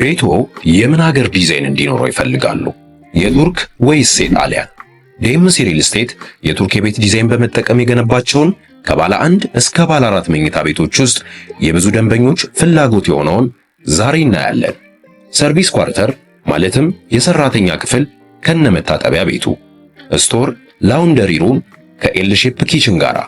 ቤትዎ የምን ሀገር ዲዛይን እንዲኖረው ይፈልጋሉ? የቱርክ ወይስ የጣሊያን? ዴምሲ ሪል ስቴት የቱርክ የቤት ዲዛይን በመጠቀም የገነባቸውን ከባለ አንድ እስከ ባለ አራት መኝታ ቤቶች ውስጥ የብዙ ደንበኞች ፍላጎት የሆነውን ዛሬ እናያለን። ሰርቪስ ኳርተር ማለትም የሰራተኛ ክፍል ከነመታጠቢያ ቤቱ፣ ስቶር፣ ላውንደሪ ሩም ከኤል ሼፕ ኪችን ጋራ፣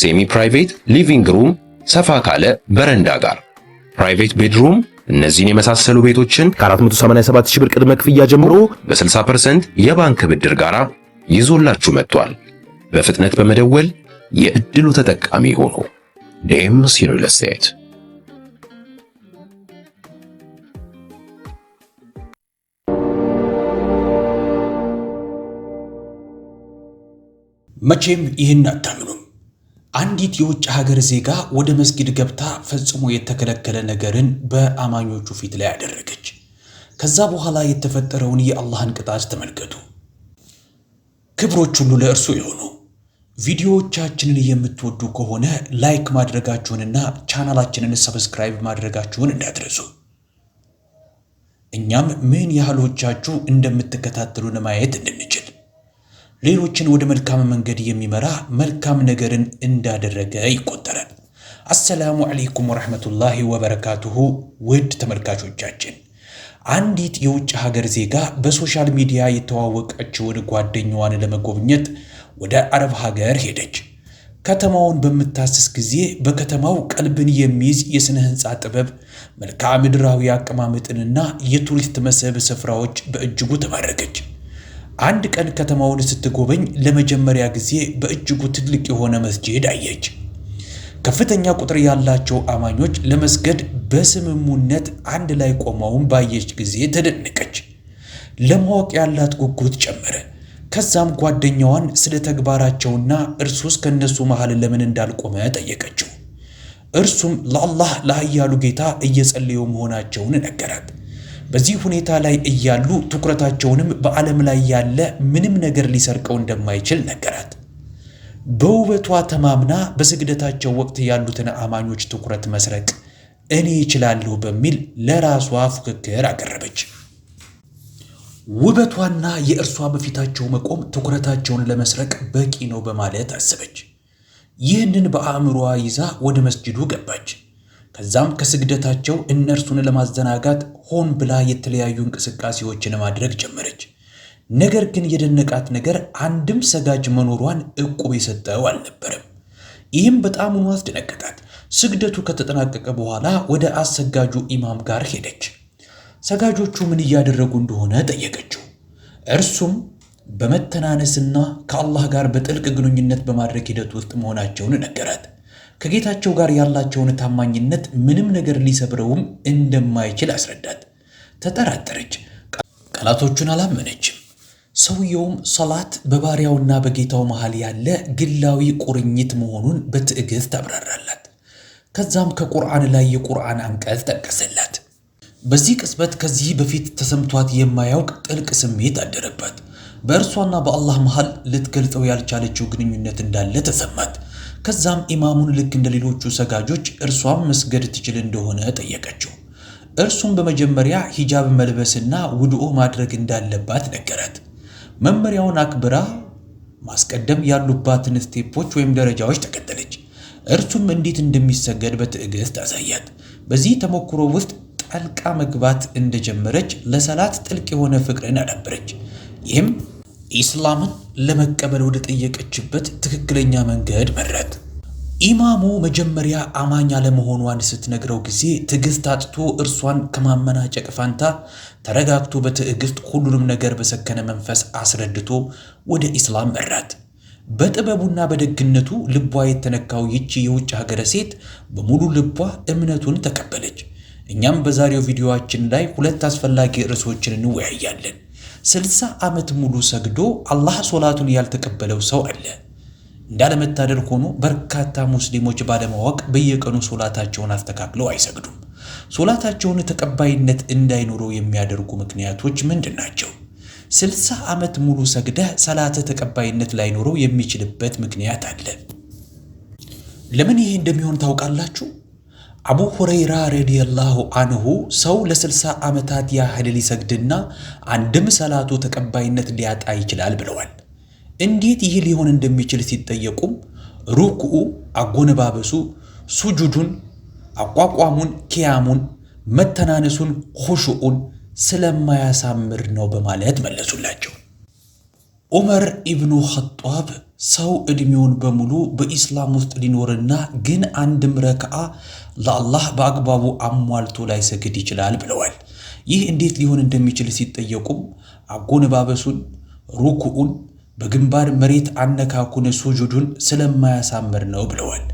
ሴሚ ፕራይቬት ሊቪንግ ሩም ሰፋ ካለ በረንዳ ጋር፣ ፕራይቬት ቤድሩም እነዚህን የመሳሰሉ ቤቶችን ከ487 ሺህ ብር ቅድመ ክፍያ ጀምሮ በ60% የባንክ ብድር ጋር ይዞላችሁ መጥቷል። በፍጥነት በመደወል የእድሉ ተጠቃሚ ሆኖ ዴምሲ ሪል እስቴት መቼም ይህን አታምኑ። አንዲት የውጭ ሀገር ዜጋ ወደ መስጊድ ገብታ ፈጽሞ የተከለከለ ነገርን በአማኞቹ ፊት ላይ አደረገች። ከዛ በኋላ የተፈጠረውን የአላህን ቅጣት ተመልከቱ። ክብሮች ሁሉ ለእርሱ የሆኑ ቪዲዮዎቻችንን የምትወዱ ከሆነ ላይክ ማድረጋችሁንና ቻናላችንን ሰብስክራይብ ማድረጋችሁን እንዳትረሱ። እኛም ምን ያህሎቻችሁ እንደምትከታተሉን ማየት እንድንችል ሌሎችን ወደ መልካም መንገድ የሚመራ መልካም ነገርን እንዳደረገ ይቆጠራል። አሰላሙ አለይኩም ወረሕመቱላሂ ወበረካቱሁ ውድ ተመልካቾቻችን አንዲት የውጭ ሀገር ዜጋ በሶሻል ሚዲያ የተዋወቀችውን ጓደኛዋን ለመጎብኘት ወደ አረብ ሀገር ሄደች። ከተማውን በምታስስ ጊዜ በከተማው ቀልብን የሚይዝ የሥነ ሕንፃ ጥበብ፣ መልክዓ ምድራዊ አቀማመጥንና የቱሪስት መስህብ ስፍራዎች በእጅጉ ተማረከች። አንድ ቀን ከተማውን ስትጎበኝ ለመጀመሪያ ጊዜ በእጅጉ ትልቅ የሆነ መስጂድ አየች። ከፍተኛ ቁጥር ያላቸው አማኞች ለመስገድ በስምሙነት አንድ ላይ ቆመውን ባየች ጊዜ ተደነቀች። ለማወቅ ያላት ጉጉት ጨመረ። ከዛም ጓደኛዋን ስለ ተግባራቸውና እርሱስ ከእነሱ መሃል ለምን እንዳልቆመ ጠየቀችው። እርሱም ለአላህ ለኃያሉ ጌታ እየጸለዩ መሆናቸውን ነገራት። በዚህ ሁኔታ ላይ እያሉ ትኩረታቸውንም በዓለም ላይ ያለ ምንም ነገር ሊሰርቀው እንደማይችል ነገራት። በውበቷ ተማምና በስግደታቸው ወቅት ያሉትን አማኞች ትኩረት መስረቅ እኔ እችላለሁ በሚል ለራሷ ፉክክር አቀረበች። ውበቷና የእርሷ በፊታቸው መቆም ትኩረታቸውን ለመስረቅ በቂ ነው በማለት አሰበች። ይህንን በአእምሯ ይዛ ወደ መስጅዱ ገባች። ከዛም ከስግደታቸው እነርሱን ለማዘናጋት ሆን ብላ የተለያዩ እንቅስቃሴዎችን ማድረግ ጀመረች። ነገር ግን የደነቃት ነገር አንድም ሰጋጅ መኖሯን ዕቁብ የሰጠው አልነበረም። ይህም በጣም ሆኖ አስደነቀቃት። ስግደቱ ከተጠናቀቀ በኋላ ወደ አሰጋጁ ኢማም ጋር ሄደች። ሰጋጆቹ ምን እያደረጉ እንደሆነ ጠየቀችው። እርሱም በመተናነስና ከአላህ ጋር በጥልቅ ግንኙነት በማድረግ ሂደት ውስጥ መሆናቸውን ነገራት። ከጌታቸው ጋር ያላቸውን ታማኝነት ምንም ነገር ሊሰብረውም እንደማይችል አስረዳት። ተጠራጠረች፣ ቃላቶቹን አላመነችም። ሰውየውም ሰላት በባሪያውና በጌታው መሃል ያለ ግላዊ ቁርኝት መሆኑን በትዕግሥት አብራራላት። ከዛም ከቁርአን ላይ የቁርአን አንቀጽ ጠቀሰላት። በዚህ ቅጽበት ከዚህ በፊት ተሰምቷት የማያውቅ ጥልቅ ስሜት አደረባት። በእርሷና በአላህ መሃል ልትገልጸው ያልቻለችው ግንኙነት እንዳለ ተሰማት። ከዛም ኢማሙን ልክ እንደ ሌሎቹ ሰጋጆች እርሷም መስገድ ትችል እንደሆነ ጠየቀችው። እርሱም በመጀመሪያ ሂጃብ መልበስና ውድኦ ማድረግ እንዳለባት ነገራት። መመሪያውን አክብራ ማስቀደም ያሉባትን ስቴፖች ወይም ደረጃዎች ተከተለች። እርሱም እንዴት እንደሚሰገድ በትዕግስት አሳያት። በዚህ ተሞክሮ ውስጥ ጠልቃ መግባት እንደጀመረች ለሰላት ጥልቅ የሆነ ፍቅርን አዳበረች። ይህም ኢስላምን ለመቀበል ወደ ጠየቀችበት ትክክለኛ መንገድ መረጥ። ኢማሙ መጀመሪያ አማኝ አለመሆኗን ስትነግረው ጊዜ ትዕግስት አጥቶ እርሷን ከማመናጨቅ ፋንታ ተረጋግቶ በትዕግስት ሁሉንም ነገር በሰከነ መንፈስ አስረድቶ ወደ ኢስላም መራት። በጥበቡና በደግነቱ ልቧ የተነካው ይቺ የውጭ ሀገረ ሴት በሙሉ ልቧ እምነቱን ተቀበለች። እኛም በዛሬው ቪዲዮችን ላይ ሁለት አስፈላጊ ርዕሶችን እንወያያለን። ስልሳ ዓመት ሙሉ ሰግዶ አላህ ሶላቱን ያልተቀበለው ሰው አለ። እንዳለመታደል ሆኖ በርካታ ሙስሊሞች ባለማወቅ በየቀኑ ሶላታቸውን አስተካክለው አይሰግዱም። ሶላታቸውን ተቀባይነት እንዳይኖረው የሚያደርጉ ምክንያቶች ምንድን ናቸው? ስልሳ ዓመት ሙሉ ሰግደህ ሰላተ ተቀባይነት ላይኖረው የሚችልበት ምክንያት አለ። ለምን ይሄ እንደሚሆን ታውቃላችሁ? አቡ ሁረይራ ረዲየላሁ አንሁ ሰው ለስልሳ ዓመታት ያህል ሊሰግድና አንድም ሰላቱ ተቀባይነት ሊያጣ ይችላል ብለዋል። እንዴት ይህ ሊሆን እንደሚችል ሲጠየቁም ሩክኡ፣ አጎነባበሱ፣ ሱጁዱን፣ አቋቋሙን፣ ኪያሙን፣ መተናነሱን፣ ሁሹኡን ስለማያሳምር ነው በማለት መለሱላቸው። ዑመር ኢብኑ ኸጧብ ሰው ዕድሜውን በሙሉ በኢስላም ውስጥ ሊኖርና ግን አንድም ረክዓ ለአላህ በአግባቡ አሟልቶ ላይሰግድ ይችላል ብለዋል። ይህ እንዴት ሊሆን እንደሚችል ሲጠየቁም አጎነባበሱን፣ ሩኩዑን፣ በግንባር መሬት አነካኩን፣ ሱጁዱን ስለማያሳምር ነው ብለዋል።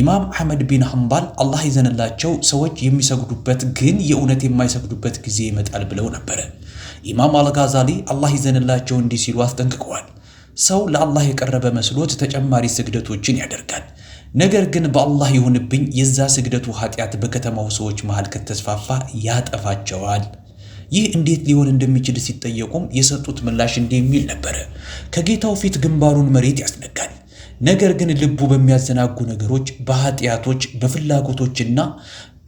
ኢማም አሕመድ ቢን ሐንባል አላህ ይዘንላቸው ሰዎች የሚሰግዱበት ግን የእውነት የማይሰግዱበት ጊዜ ይመጣል ብለው ነበረ። ኢማም አልጋዛሊ አላህ ይዘንላቸው እንዲህ ሲሉ አስጠንቅቀዋል። ሰው ለአላህ የቀረበ መስሎት ተጨማሪ ስግደቶችን ያደርጋል። ነገር ግን በአላህ ይሁንብኝ የዛ ስግደቱ ኃጢአት በከተማው ሰዎች መሃል ከተስፋፋ ያጠፋቸዋል። ይህ እንዴት ሊሆን እንደሚችል ሲጠየቁም የሰጡት ምላሽ እንዲህ የሚል ነበረ። ከጌታው ፊት ግንባሩን መሬት ያስነጋል ነገር ግን ልቡ በሚያዘናጉ ነገሮች፣ በኃጢአቶች፣ በፍላጎቶችና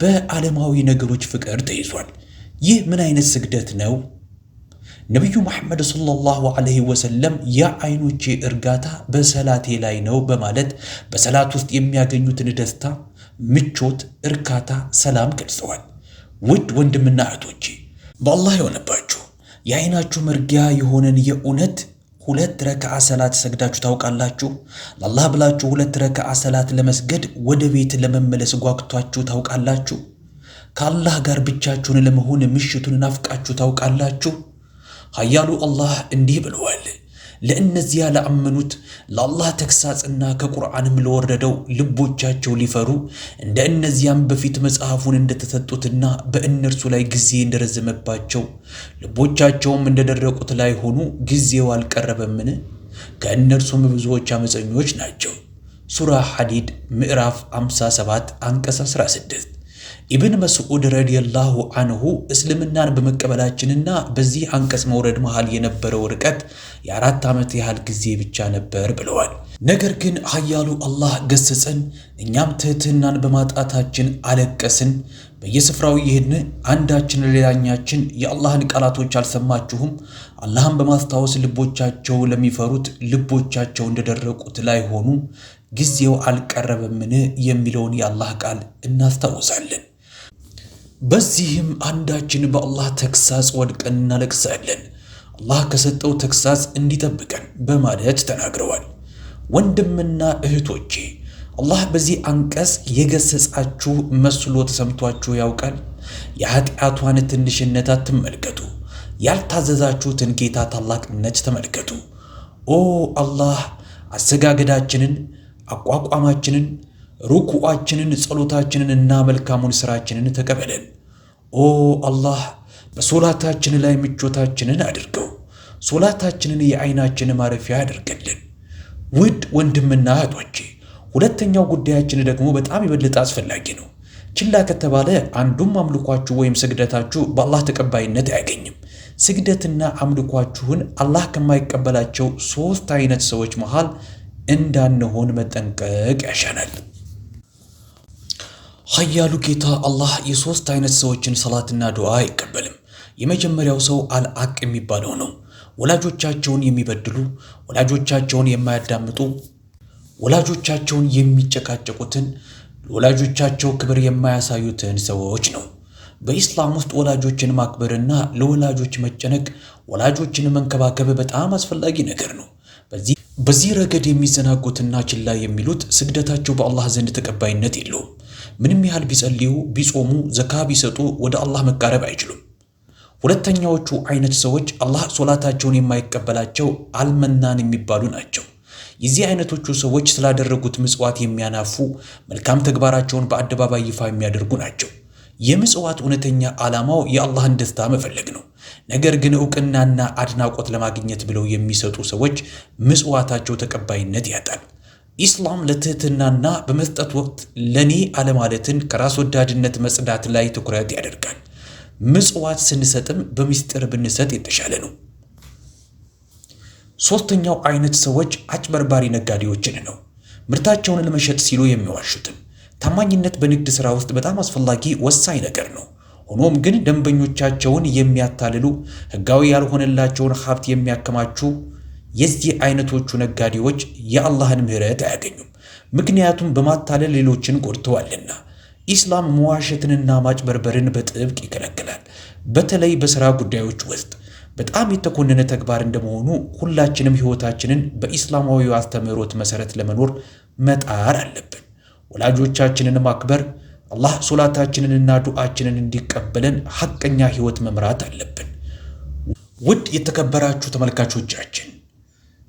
በዓለማዊ ነገሮች ፍቅር ተይዟል። ይህ ምን አይነት ስግደት ነው? ነቢዩ መሐመድ ሰለላሁ ዐለይሂ ወሰለም የአይኖቼ እርጋታ በሰላቴ ላይ ነው በማለት በሰላት ውስጥ የሚያገኙትን ደስታ፣ ምቾት፣ እርካታ፣ ሰላም ገልጸዋል። ውድ ወንድምና እህቶቼ በአላህ የሆነባችሁ የአይናችሁ መርጊያ የሆነን የእውነት ሁለት ረክዓ ሰላት ሰግዳችሁ ታውቃላችሁ? ለአላህ ብላችሁ ሁለት ረክዓ ሰላት ለመስገድ ወደ ቤት ለመመለስ ጓግቷችሁ ታውቃላችሁ? ከአላህ ጋር ብቻችሁን ለመሆን ምሽቱን ናፍቃችሁ ታውቃላችሁ? ኃያሉ አላህ እንዲህ ብለዋል። ለእነዚያ ለአመኑት ለአላህ ተግሳጽና ከቁርአንም ለወረደው ልቦቻቸው ሊፈሩ እንደ እነዚያም በፊት መጽሐፉን እንደተሰጡትና በእነርሱ ላይ ጊዜ እንደረዘመባቸው ልቦቻቸውም እንደደረቁት ላይ ሆኑ ጊዜው አልቀረበምን? ከእነርሱም ብዙዎች አመፀኞች ናቸው። ሱራ ሐዲድ ምዕራፍ 57 አንቀጽ 16 ኢብን መስዑድ ረዲየላሁ አንሁ እስልምናን በመቀበላችንና በዚህ አንቀጽ መውረድ መሃል የነበረው ርቀት የአራት ዓመት ያህል ጊዜ ብቻ ነበር ብለዋል። ነገር ግን ኃያሉ አላህ ገሰጸን፣ እኛም ትህትናን በማጣታችን አለቀስን። በየስፍራው ይህን አንዳችን ሌላኛችን የአላህን ቃላቶች አልሰማችሁም? አላህን በማስታወስ ልቦቻቸው ለሚፈሩት ልቦቻቸው እንደደረቁት ላይሆኑ ጊዜው አልቀረበምን? የሚለውን የአላህ ቃል እናስታውሳለን። በዚህም አንዳችን በአላህ ተግሳጽ ወድቀን እናለቅሳለን፣ አላህ ከሰጠው ተግሳጽ እንዲጠብቀን በማለት ተናግረዋል። ወንድምና እህቶቼ አላህ በዚህ አንቀጽ የገሰጻችሁ መስሎ ተሰምቷችሁ ያውቃል? የኃጢአቷን ትንሽነት አትመልከቱ። ያልታዘዛችሁትን ጌታ ታላቅነት ተመልከቱ። ኦ አላህ አሰጋገዳችንን፣ አቋቋማችንን ሩኩዓችንን፣ ጸሎታችንን እና መልካሙን ሥራችንን ተቀበለን። ኦ አላህ በሶላታችን ላይ ምቾታችንን አድርገው፣ ሶላታችንን የዐይናችን ማረፊያ አድርገልን። ውድ ወንድምና እህቶቼ፣ ሁለተኛው ጉዳያችን ደግሞ በጣም የበለጠ አስፈላጊ ነው። ችላ ከተባለ አንዱም አምልኳችሁ ወይም ስግደታችሁ በአላህ ተቀባይነት አያገኝም። ስግደትና አምልኳችሁን አላህ ከማይቀበላቸው ሦስት አይነት ሰዎች መሃል እንዳንሆን መጠንቀቅ ያሻናል። ኃያሉ ጌታ አላህ የሶስት አይነት ሰዎችን ሰላትና ዱዓ አይቀበልም። የመጀመሪያው ሰው አልአቅ የሚባለው ነው። ወላጆቻቸውን የሚበድሉ፣ ወላጆቻቸውን የማያዳምጡ፣ ወላጆቻቸውን የሚጨቃጨቁትን፣ ለወላጆቻቸው ክብር የማያሳዩትን ሰዎች ነው። በኢስላም ውስጥ ወላጆችን ማክበርና ለወላጆች መጨነቅ፣ ወላጆችን መንከባከብ በጣም አስፈላጊ ነገር ነው። በዚህ ረገድ የሚዘናጉትና ችላ የሚሉት ስግደታቸው በአላህ ዘንድ ተቀባይነት የለውም። ምንም ያህል ቢጸልዩ፣ ቢጾሙ፣ ዘካ ቢሰጡ ወደ አላህ መቃረብ አይችሉም። ሁለተኛዎቹ አይነት ሰዎች አላህ ሶላታቸውን የማይቀበላቸው አልመናን የሚባሉ ናቸው። የዚህ አይነቶቹ ሰዎች ስላደረጉት ምጽዋት የሚያናፉ፣ መልካም ተግባራቸውን በአደባባይ ይፋ የሚያደርጉ ናቸው። የምጽዋት እውነተኛ ዓላማው የአላህን ደስታ መፈለግ ነው። ነገር ግን እውቅናና አድናቆት ለማግኘት ብለው የሚሰጡ ሰዎች ምጽዋታቸው ተቀባይነት ያጣል። ኢስላም ለትህትናና በመስጠት ወቅት ለኔ አለማለትን ከራስ ወዳድነት መጽዳት ላይ ትኩረት ያደርጋል። ምጽዋት ስንሰጥም በሚስጥር ብንሰጥ የተሻለ ነው። ሶስተኛው አይነት ሰዎች አጭበርባሪ ነጋዴዎችን ነው። ምርታቸውን ለመሸጥ ሲሉ የሚዋሹትን። ታማኝነት በንግድ ሥራ ውስጥ በጣም አስፈላጊ ወሳኝ ነገር ነው። ሆኖም ግን ደንበኞቻቸውን የሚያታልሉ ሕጋዊ ያልሆነላቸውን ሀብት የሚያከማቹ የዚህ አይነቶቹ ነጋዴዎች የአላህን ምህረት አያገኙም። ምክንያቱም በማታለል ሌሎችን ጎድተዋልና። ኢስላም መዋሸትንና ማጭበርበርን በጥብቅ ይከለክላል። በተለይ በሥራ ጉዳዮች ውስጥ በጣም የተኮነነ ተግባር እንደመሆኑ ሁላችንም ሕይወታችንን በኢስላማዊ አስተምህሮት መሠረት ለመኖር መጣር አለብን። ወላጆቻችንን ማክበር፣ አላህ ሶላታችንንና ዱዓችንን እንዲቀበለን ሐቀኛ ሕይወት መምራት አለብን። ውድ የተከበራችሁ ተመልካቾቻችን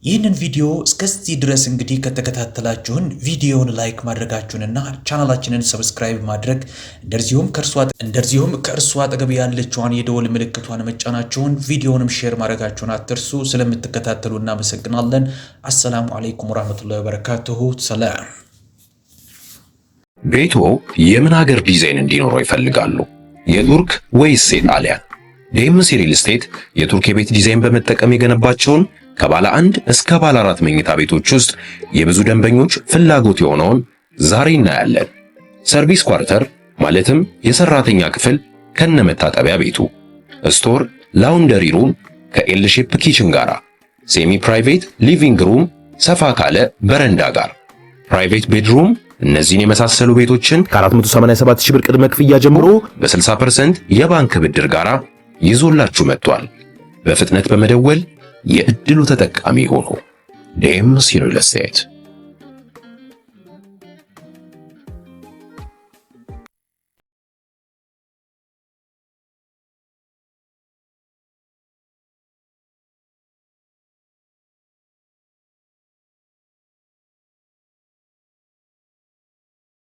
ይህንን ቪዲዮ እስከዚህ ድረስ እንግዲህ ከተከታተላችሁን ቪዲዮውን ላይክ ማድረጋችሁንና ቻናላችንን ሰብስክራይብ ማድረግ እንደዚሁም ከእርሷ አጠገብ ያለችዋን የደወል ምልክቷን መጫናችሁን ቪዲዮውንም ሼር ማድረጋችሁን አትርሱ። ስለምትከታተሉ እናመሰግናለን። አሰላሙ አለይኩም ወራህመቱላሂ ወበረካቱሁ። ሰላም። ቤቶ የምን ሀገር ዲዛይን እንዲኖረው ይፈልጋሉ? የቱርክ ወይስ የጣሊያን? ዴምሲ ሪል ስቴት የቱርክ የቤት ዲዛይን በመጠቀም የገነባቸውን ከባለ አንድ እስከ ባለ አራት መኝታ ቤቶች ውስጥ የብዙ ደንበኞች ፍላጎት የሆነውን ዛሬ እናያለን። ሰርቪስ ኳርተር ማለትም የሰራተኛ ክፍል ከነመታጠቢያ ቤቱ፣ ስቶር፣ ላውንደሪ ሩም ከኤል ሼፕ ኪችን ጋር፣ ሴሚ ፕራይቬት ሊቪንግ ሩም ሰፋ ካለ በረንዳ ጋር፣ ፕራይቬት ቤድሩም እነዚህን የመሳሰሉ ቤቶችን ከ487 ብር ቅድመ ክፍያ ጀምሮ በ60% የባንክ ብድር ጋር ይዞላችሁ መጥቷል። በፍጥነት በመደወል የእድሉ ተጠቃሚ ሆኖ ዴምስ ሪል ስቴት